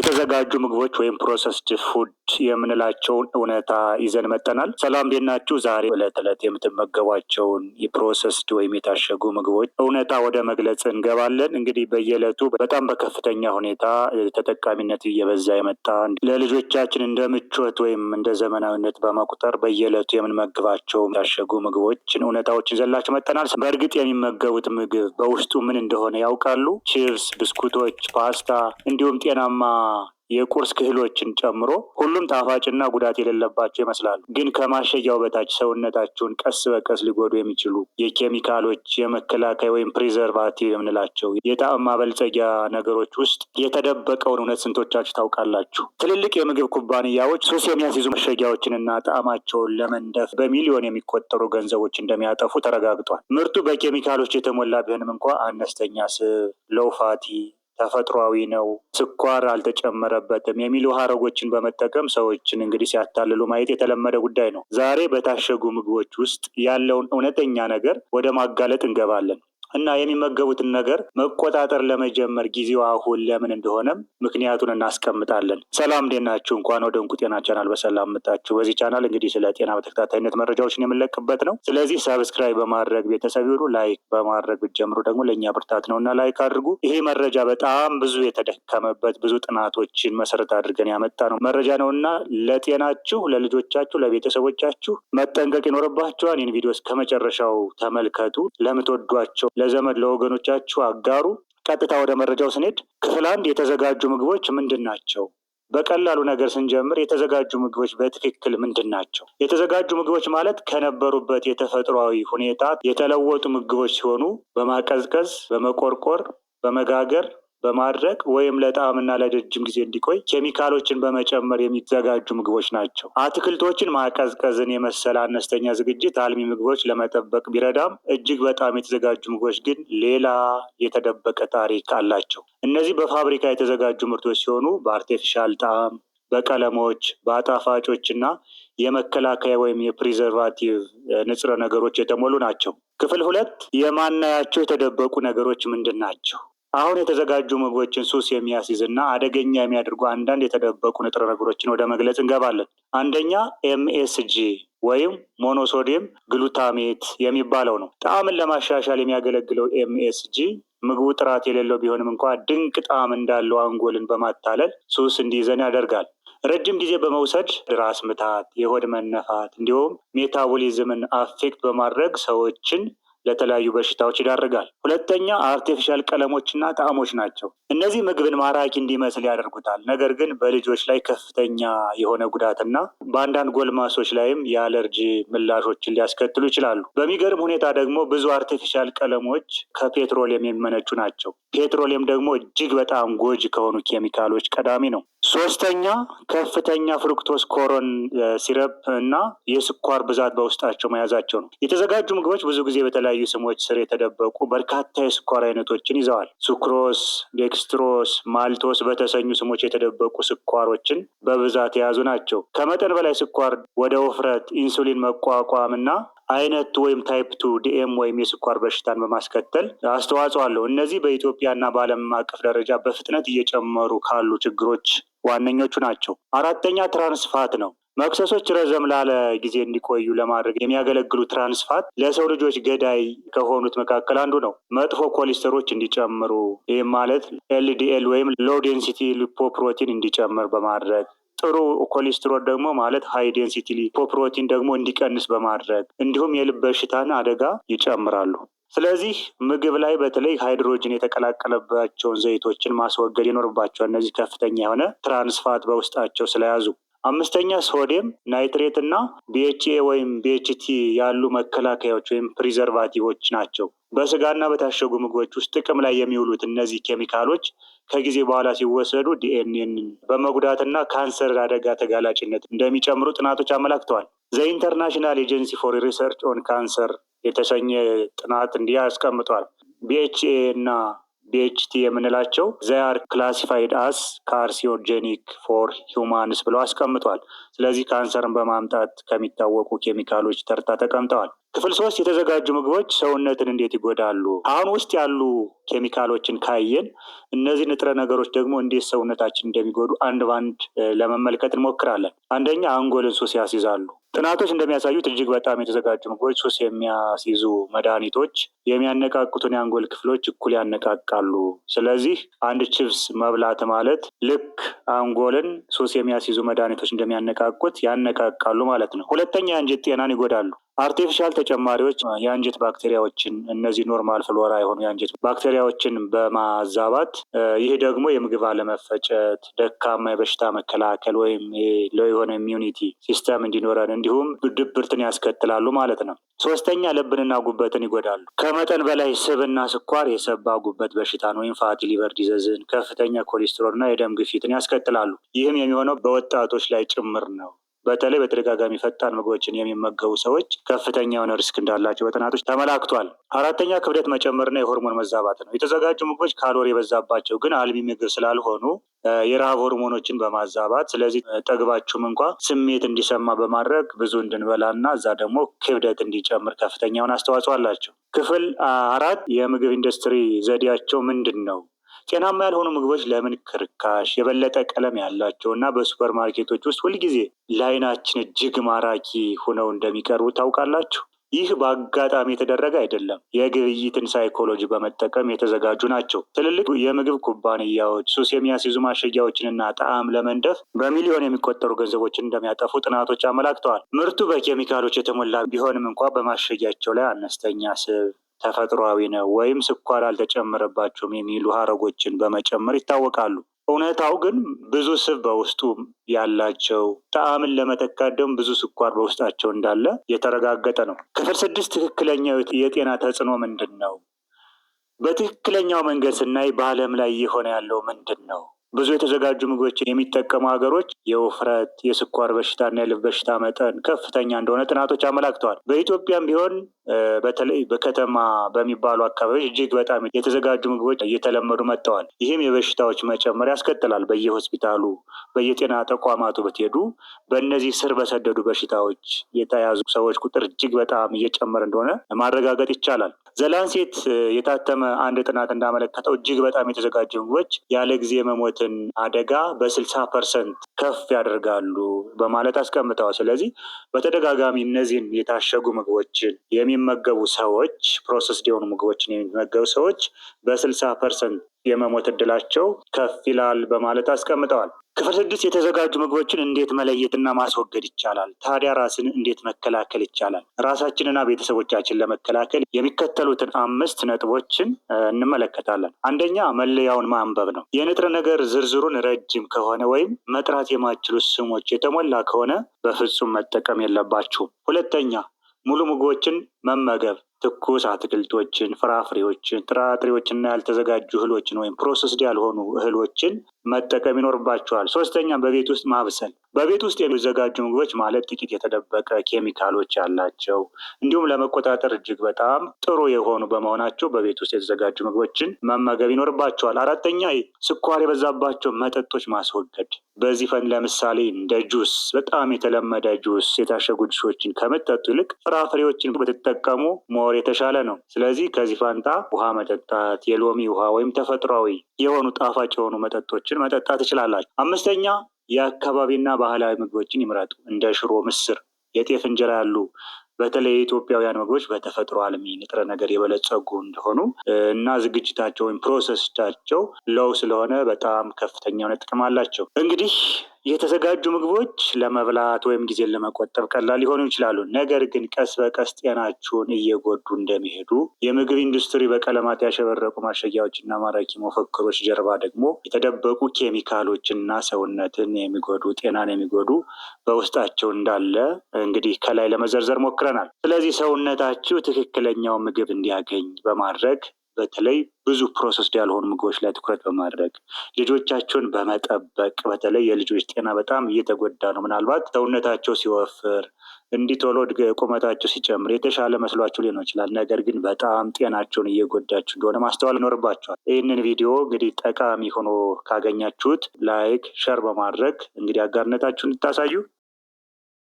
የተዘጋጁ ምግቦች ወይም ፕሮሰስድ ፉድ የምንላቸውን እውነታ ይዘን መጠናል። ሰላም ናችሁ? ዛሬ ዕለት ዕለት የምትመገቧቸውን የፕሮሰስድ ወይም የታሸጉ ምግቦች እውነታ ወደ መግለጽ እንገባለን። እንግዲህ በየዕለቱ በጣም በከፍተኛ ሁኔታ ተጠቃሚነት እየበዛ የመጣ ለልጆቻችን እንደ ምቾት ወይም እንደ ዘመናዊነት በመቁጠር በየዕለቱ የምንመግባቸው የታሸጉ ምግቦችን እውነታዎችን ይዘላቸው መጠናል። በእርግጥ የሚመገቡት ምግብ በውስጡ ምን እንደሆነ ያውቃሉ? ችፕስ፣ ብስኩቶች፣ ፓስታ እንዲሁም ጤናማ የቁርስ ክህሎችን ጨምሮ ሁሉም ጣፋጭና ጉዳት የሌለባቸው ይመስላሉ። ግን ከማሸጊያው በታች ሰውነታችሁን ቀስ በቀስ ሊጎዱ የሚችሉ የኬሚካሎች የመከላከያ ወይም ፕሪዘርቫቲቭ የምንላቸው የጣዕም ማበልጸጊያ ነገሮች ውስጥ የተደበቀውን እውነት ስንቶቻችሁ ታውቃላችሁ? ትልልቅ የምግብ ኩባንያዎች ሱስ የሚያስይዙ ማሸጊያዎችንና ጣዕማቸውን ለመንደፍ በሚሊዮን የሚቆጠሩ ገንዘቦች እንደሚያጠፉ ተረጋግጧል። ምርቱ በኬሚካሎች የተሞላ ቢሆንም እንኳ አነስተኛ ስብ፣ ለውፋቲ? ተፈጥሯዊ ነው፣ ስኳር አልተጨመረበትም የሚሉ ሀረጎችን በመጠቀም ሰዎችን እንግዲህ ሲያታልሉ ማየት የተለመደ ጉዳይ ነው። ዛሬ በታሸጉ ምግቦች ውስጥ ያለውን እውነተኛ ነገር ወደ ማጋለጥ እንገባለን። እና የሚመገቡትን ነገር መቆጣጠር ለመጀመር ጊዜው አሁን ለምን እንደሆነም ምክንያቱን እናስቀምጣለን። ሰላም እንዴት እንኳን ወደ እንቁ ጤና ቻናል በሰላም መጣችሁ። በዚህ ቻናል እንግዲህ ስለ ጤና በተከታታይነት መረጃዎችን የምንለቅበት ነው። ስለዚህ ሰብስክራይብ በማድረግ ቤተሰብ ይሁኑ። ላይክ በማድረግ ብትጀምሩ ደግሞ ለእኛ ብርታት ነው እና ላይክ አድርጉ። ይሄ መረጃ በጣም ብዙ የተደከመበት ብዙ ጥናቶችን መሰረት አድርገን ያመጣ ነው መረጃ ነው እና ለጤናችሁ፣ ለልጆቻችሁ፣ ለቤተሰቦቻችሁ መጠንቀቅ ይኖርባችኋል። ይህን ቪዲዮ ተመልከቱ። ለምትወዷቸው ለዘመድ ለወገኖቻችሁ አጋሩ። ቀጥታ ወደ መረጃው ስንሄድ ክፍል አንድ የተዘጋጁ ምግቦች ምንድን ናቸው? በቀላሉ ነገር ስንጀምር የተዘጋጁ ምግቦች በትክክል ምንድን ናቸው? የተዘጋጁ ምግቦች ማለት ከነበሩበት የተፈጥሯዊ ሁኔታ የተለወጡ ምግቦች ሲሆኑ በማቀዝቀዝ፣ በመቆርቆር፣ በመጋገር በማድረግ ወይም ለጣዕምና ለረጅም ጊዜ እንዲቆይ ኬሚካሎችን በመጨመር የሚዘጋጁ ምግቦች ናቸው። አትክልቶችን ማቀዝቀዝን የመሰለ አነስተኛ ዝግጅት አልሚ ምግቦች ለመጠበቅ ቢረዳም እጅግ በጣም የተዘጋጁ ምግቦች ግን ሌላ የተደበቀ ታሪክ አላቸው። እነዚህ በፋብሪካ የተዘጋጁ ምርቶች ሲሆኑ በአርቴፊሻል ጣዕም፣ በቀለሞች፣ በአጣፋጮች እና የመከላከያ ወይም የፕሪዘርቫቲቭ ንጥረ ነገሮች የተሞሉ ናቸው። ክፍል ሁለት የማናያቸው የተደበቁ ነገሮች ምንድን ናቸው? አሁን የተዘጋጁ ምግቦችን ሱስ የሚያስይዝ እና አደገኛ የሚያደርጉ አንዳንድ የተደበቁ ንጥረ ነገሮችን ወደ መግለጽ እንገባለን። አንደኛ ኤምኤስጂ ወይም ሞኖሶዲየም ግሉታሜት የሚባለው ነው። ጣዕምን ለማሻሻል የሚያገለግለው ኤምኤስጂ ምግቡ ጥራት የሌለው ቢሆንም እንኳ ድንቅ ጣዕም እንዳለው አንጎልን በማታለል ሱስ እንዲይዘን ያደርጋል። ረጅም ጊዜ በመውሰድ ራስ ምታት፣ የሆድ መነፋት እንዲሁም ሜታቦሊዝምን አፌክት በማድረግ ሰዎችን ለተለያዩ በሽታዎች ይዳርጋል። ሁለተኛ አርቲፊሻል ቀለሞችና ጣዕሞች ናቸው። እነዚህ ምግብን ማራኪ እንዲመስል ያደርጉታል። ነገር ግን በልጆች ላይ ከፍተኛ የሆነ ጉዳትና በአንዳንድ ጎልማሶች ላይም የአለርጂ ምላሾችን ሊያስከትሉ ይችላሉ። በሚገርም ሁኔታ ደግሞ ብዙ አርቲፊሻል ቀለሞች ከፔትሮሊየም የሚመነጩ ናቸው። ፔትሮሊየም ደግሞ እጅግ በጣም ጎጂ ከሆኑ ኬሚካሎች ቀዳሚ ነው። ሶስተኛ ከፍተኛ ፍሩክቶስ ኮሮን ሲረፕ እና የስኳር ብዛት በውስጣቸው መያዛቸው ነው። የተዘጋጁ ምግቦች ብዙ ጊዜ በተለያዩ ስሞች ስር የተደበቁ በርካታ የስኳር አይነቶችን ይዘዋል። ሱክሮስ፣ ዴክስትሮስ፣ ማልቶስ በተሰኙ ስሞች የተደበቁ ስኳሮችን በብዛት የያዙ ናቸው። ከመጠን በላይ ስኳር ወደ ውፍረት፣ ኢንሱሊን መቋቋም እና አይነት ወይም ታይፕ ቱ ዲኤም ወይም የስኳር በሽታን በማስከተል አስተዋጽኦ አለው። እነዚህ በኢትዮጵያና በዓለም አቀፍ ደረጃ በፍጥነት እየጨመሩ ካሉ ችግሮች ዋነኞቹ ናቸው። አራተኛ ትራንስፋት ነው። መክሰሶች ረዘም ላለ ጊዜ እንዲቆዩ ለማድረግ የሚያገለግሉ ትራንስፋት ለሰው ልጆች ገዳይ ከሆኑት መካከል አንዱ ነው። መጥፎ ኮሌስተሮች እንዲጨምሩ ይህም ማለት ኤልዲኤል ወይም ሎው ዴንሲቲ ሊፖፕሮቲን እንዲጨምር በማድረግ ጥሩ ኮሌስትሮል ደግሞ ማለት ሀይ ዴንሲቲ ፕሮቲን ደግሞ እንዲቀንስ በማድረግ እንዲሁም የልብ በሽታን አደጋ ይጨምራሉ። ስለዚህ ምግብ ላይ በተለይ ሃይድሮጅን የተቀላቀለባቸውን ዘይቶችን ማስወገድ ይኖርባቸዋል። እነዚህ ከፍተኛ የሆነ ትራንስፋት በውስጣቸው ስለያዙ አምስተኛ ሶዲየም ናይትሬት እና ቢኤችኤ ወይም ቢኤችቲ ያሉ መከላከያዎች ወይም ፕሪዘርቫቲቮች ናቸው። በስጋና በታሸጉ ምግቦች ውስጥ ጥቅም ላይ የሚውሉት እነዚህ ኬሚካሎች ከጊዜ በኋላ ሲወሰዱ ዲኤንኤን በመጉዳትና ካንሰር አደጋ ተጋላጭነት እንደሚጨምሩ ጥናቶች አመላክተዋል። ዘኢንተርናሽናል ኤጀንሲ ፎር ሪሰርች ኦን ካንሰር የተሰኘ ጥናት እንዲህ ያስቀምጧል። ቢኤችኤ እና ቢኤችቲ የምንላቸው ዘያር ክላሲፋይድ አስ ካርሲኖጀኒክ ፎር ሂውማንስ ብለው አስቀምጧል። ስለዚህ ካንሰርን በማምጣት ከሚታወቁ ኬሚካሎች ተርታ ተቀምጠዋል። ክፍል ሶስት የተዘጋጁ ምግቦች ሰውነትን እንዴት ይጎዳሉ? አሁን ውስጥ ያሉ ኬሚካሎችን ካየን እነዚህ ንጥረ ነገሮች ደግሞ እንዴት ሰውነታችን እንደሚጎዱ አንድ ባንድ ለመመልከት እንሞክራለን። አንደኛ አንጎልን ሱስ ያስይዛሉ። ጥናቶች እንደሚያሳዩት እጅግ በጣም የተዘጋጁ ምግቦች ሱስ የሚያስይዙ መድኃኒቶች የሚያነቃቁትን የአንጎል ክፍሎች እኩል ያነቃቃሉ። ስለዚህ አንድ ችፕስ መብላት ማለት ልክ አንጎልን ሱስ የሚያስይዙ መድኃኒቶች እንደሚያነቃቁት ያነቃቃሉ ማለት ነው። ሁለተኛ የአንጀት ጤናን ይጎዳሉ። አርቲፊሻል ተጨማሪዎች የአንጀት ባክቴሪያዎችን እነዚህ ኖርማል ፍሎራ የሆኑ የአንጀት ባክቴሪያዎችን በማዛባት ይህ ደግሞ የምግብ አለመፈጨት፣ ደካማ የበሽታ መከላከል ወይም ሎ የሆነ ኢሚዩኒቲ ሲስተም እንዲኖረን እንዲሁም ድብርትን ያስከትላሉ ማለት ነው። ሶስተኛ ልብንና ጉበትን ይጎዳሉ። ከመጠን በላይ ስብና ስኳር የሰባ ጉበት በሽታን ወይም ፋቲ ሊቨር ዲዘዝን፣ ከፍተኛ ኮሌስትሮልና የደም ግፊትን ያስከትላሉ። ይህም የሚሆነው በወጣቶች ላይ ጭምር ነው። በተለይ በተደጋጋሚ ፈጣን ምግቦችን የሚመገቡ ሰዎች ከፍተኛ የሆነ ሪስክ እንዳላቸው በጥናቶች ተመላክቷል። አራተኛ ክብደት መጨመርና የሆርሞን መዛባት ነው። የተዘጋጁ ምግቦች ካሎሪ የበዛባቸው ግን አልሚ ምግብ ስላልሆኑ የረሃብ ሆርሞኖችን በማዛባት ስለዚህ ጠግባችሁም እንኳ ስሜት እንዲሰማ በማድረግ ብዙ እንድንበላና እዛ ደግሞ ክብደት እንዲጨምር ከፍተኛውን አስተዋጽኦ አላቸው። ክፍል አራት የምግብ ኢንዱስትሪ ዘዴያቸው ምንድን ነው? ጤናማ ያልሆኑ ምግቦች ለምን ክርካሽ የበለጠ ቀለም ያላቸው እና በሱፐር ማርኬቶች ውስጥ ሁልጊዜ ለአይናችን እጅግ ማራኪ ሆነው እንደሚቀርቡ ታውቃላችሁ? ይህ በአጋጣሚ የተደረገ አይደለም። የግብይትን ሳይኮሎጂ በመጠቀም የተዘጋጁ ናቸው። ትልልቅ የምግብ ኩባንያዎች ሱስ የሚያስይዙ ማሸጊያዎችንና ጣዕም ለመንደፍ በሚሊዮን የሚቆጠሩ ገንዘቦችን እንደሚያጠፉ ጥናቶች አመላክተዋል። ምርቱ በኬሚካሎች የተሞላ ቢሆንም እንኳ በማሸጊያቸው ላይ አነስተኛ ስብ ተፈጥሯዊ ነው ወይም ስኳር አልተጨመረባቸውም የሚሉ ሀረጎችን በመጨመር ይታወቃሉ። እውነታው ግን ብዙ ስብ በውስጡ ያላቸው ጣዕምን ለመተካት ደግሞ ብዙ ስኳር በውስጣቸው እንዳለ የተረጋገጠ ነው። ክፍል ስድስት ትክክለኛው የጤና ተጽዕኖ ምንድን ነው? በትክክለኛው መንገድ ስናይ በዓለም ላይ እየሆነ ያለው ምንድን ነው? ብዙ የተዘጋጁ ምግቦችን የሚጠቀሙ ሀገሮች የውፍረት፣ የስኳር በሽታና የልብ በሽታ መጠን ከፍተኛ እንደሆነ ጥናቶች አመላክተዋል። በኢትዮጵያም ቢሆን በተለይ በከተማ በሚባሉ አካባቢዎች እጅግ በጣም የተዘጋጁ ምግቦች እየተለመዱ መጥተዋል። ይህም የበሽታዎች መጨመር ያስከትላል። በየሆስፒታሉ፣ በየጤና ተቋማቱ ብትሄዱ በእነዚህ ስር በሰደዱ በሽታዎች የተያዙ ሰዎች ቁጥር እጅግ በጣም እየጨመረ እንደሆነ ማረጋገጥ ይቻላል። ዘላንሴት የታተመ አንድ ጥናት እንዳመለከተው እጅግ በጣም የተዘጋጁ ምግቦች ያለ ጊዜ መሞትን አደጋ በስልሳ ፐርሰንት ከፍ ያደርጋሉ በማለት አስቀምጠዋል። ስለዚህ በተደጋጋሚ እነዚህን የታሸጉ ምግቦችን የሚመገቡ ሰዎች ፕሮሰስድ የሆኑ ምግቦችን የሚመገቡ ሰዎች በስልሳ ፐርሰንት የመሞት እድላቸው ከፍ ይላል በማለት አስቀምጠዋል። ክፍል ስድስት የተዘጋጁ ምግቦችን እንዴት መለየትና ማስወገድ ይቻላል? ታዲያ ራስን እንዴት መከላከል ይቻላል? ራሳችንና ቤተሰቦቻችን ለመከላከል የሚከተሉትን አምስት ነጥቦችን እንመለከታለን። አንደኛ መለያውን ማንበብ ነው። የንጥረ ነገር ዝርዝሩን ረጅም ከሆነ ወይም መጥራት የማይችሉት ስሞች የተሞላ ከሆነ በፍጹም መጠቀም የለባችሁም። ሁለተኛ ሙሉ ምግቦችን መመገብ ትኩስ አትክልቶችን፣ ፍራፍሬዎችን፣ ጥራጥሬዎችና ያልተዘጋጁ እህሎችን ወይም ፕሮሰስድ ያልሆኑ እህሎችን መጠቀም ይኖርባቸዋል። ሶስተኛ በቤት ውስጥ ማብሰል። በቤት ውስጥ የሚዘጋጁ ምግቦች ማለት ጥቂት የተደበቀ ኬሚካሎች ያላቸው እንዲሁም ለመቆጣጠር እጅግ በጣም ጥሩ የሆኑ በመሆናቸው በቤት ውስጥ የተዘጋጁ ምግቦችን መመገብ ይኖርባቸዋል። አራተኛ ስኳር የበዛባቸው መጠጦች ማስወገድ። በዚህ ፈን ለምሳሌ እንደ ጁስ፣ በጣም የተለመደ ጁስ፣ የታሸጉ ጁሶችን ከመጠጡ ይልቅ ፍራፍሬዎችን በትጠ ቢጠቀሙ ሞር የተሻለ ነው። ስለዚህ ከዚህ ፋንታ ውሃ መጠጣት፣ የሎሚ ውሃ ወይም ተፈጥሯዊ የሆኑ ጣፋጭ የሆኑ መጠጦችን መጠጣት ትችላላችሁ። አምስተኛ የአካባቢና ባህላዊ ምግቦችን ይምረጡ። እንደ ሽሮ፣ ምስር፣ የጤፍ እንጀራ ያሉ በተለይ የኢትዮጵያውያን ምግቦች በተፈጥሮ አልሚ ንጥረ ነገር የበለጸጉ እንደሆኑ እና ዝግጅታቸው ወይም ፕሮሰስቻቸው ለው ስለሆነ በጣም ከፍተኛ የሆነ ጥቅም አላቸው። እንግዲህ የተዘጋጁ ምግቦች ለመብላት ወይም ጊዜን ለመቆጠብ ቀላል ሊሆኑ ይችላሉ። ነገር ግን ቀስ በቀስ ጤናችሁን እየጎዱ እንደሚሄዱ የምግብ ኢንዱስትሪ በቀለማት ያሸበረቁ ማሸጊያዎችና ማራኪ መፈክሮች ጀርባ ደግሞ የተደበቁ ኬሚካሎችና ሰውነትን የሚጎዱ ጤናን የሚጎዱ በውስጣቸው እንዳለ እንግዲህ ከላይ ለመዘርዘር ሞክረናል። ስለዚህ ሰውነታችሁ ትክክለኛው ምግብ እንዲያገኝ በማድረግ በተለይ ብዙ ፕሮሰስድ ያልሆኑ ምግቦች ላይ ትኩረት በማድረግ ልጆቻቸውን በመጠበቅ በተለይ የልጆች ጤና በጣም እየተጎዳ ነው። ምናልባት ሰውነታቸው ሲወፍር ቶሎ ቁመታቸው ሲጨምር የተሻለ መስሏቸው ሊሆን ይችላል። ነገር ግን በጣም ጤናቸውን እየጎዳቸው እንደሆነ ማስተዋል ይኖርባቸዋል። ይህንን ቪዲዮ እንግዲህ ጠቃሚ ሆኖ ካገኛችሁት ላይክ፣ ሸር በማድረግ እንግዲህ አጋርነታችሁን እንድታሳዩ